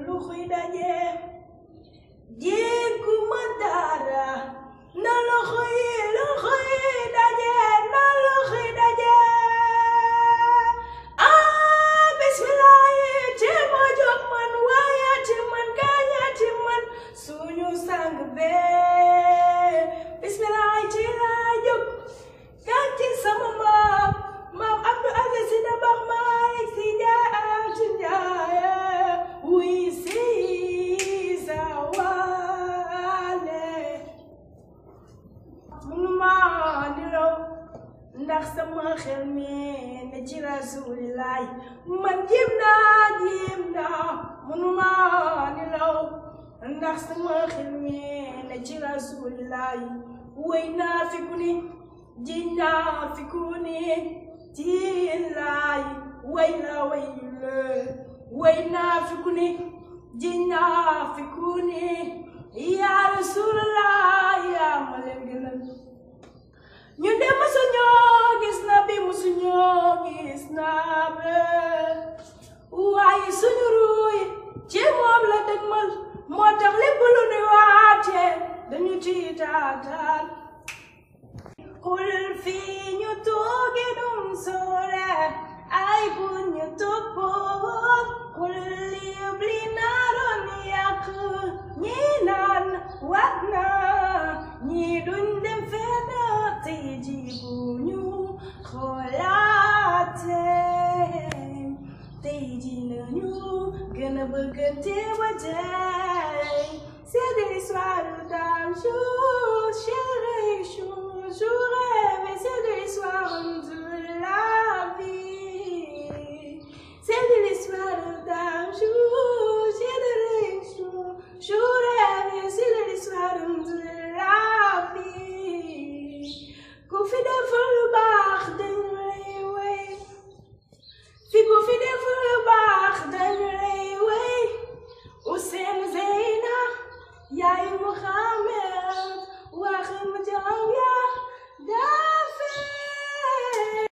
لخي دجي ndax sama xel mi ne ci rasulilaay man jéem naa jéem naa mënuma ni law ndax sama xel mi ne ci rasulilaay wéy naa fi ku ni ji naa ku ni tiin laay way laa way le wéy naa fi ku ni ji naa ku ni 올 finho toque num sore, ai bunho topo, kulli oblinaron yak, ninan wadna, ni dundem fena te dibunyu, kolate, te dinanyu, gana bagante wajay, c'est des soirs d'argent, chérie chou. jour mais c'est de l'histoire de la vie. C'est de l'histoire d'un jour, c'est de l'histoire, jour mais c'est de l'histoire de la vie. Confie devant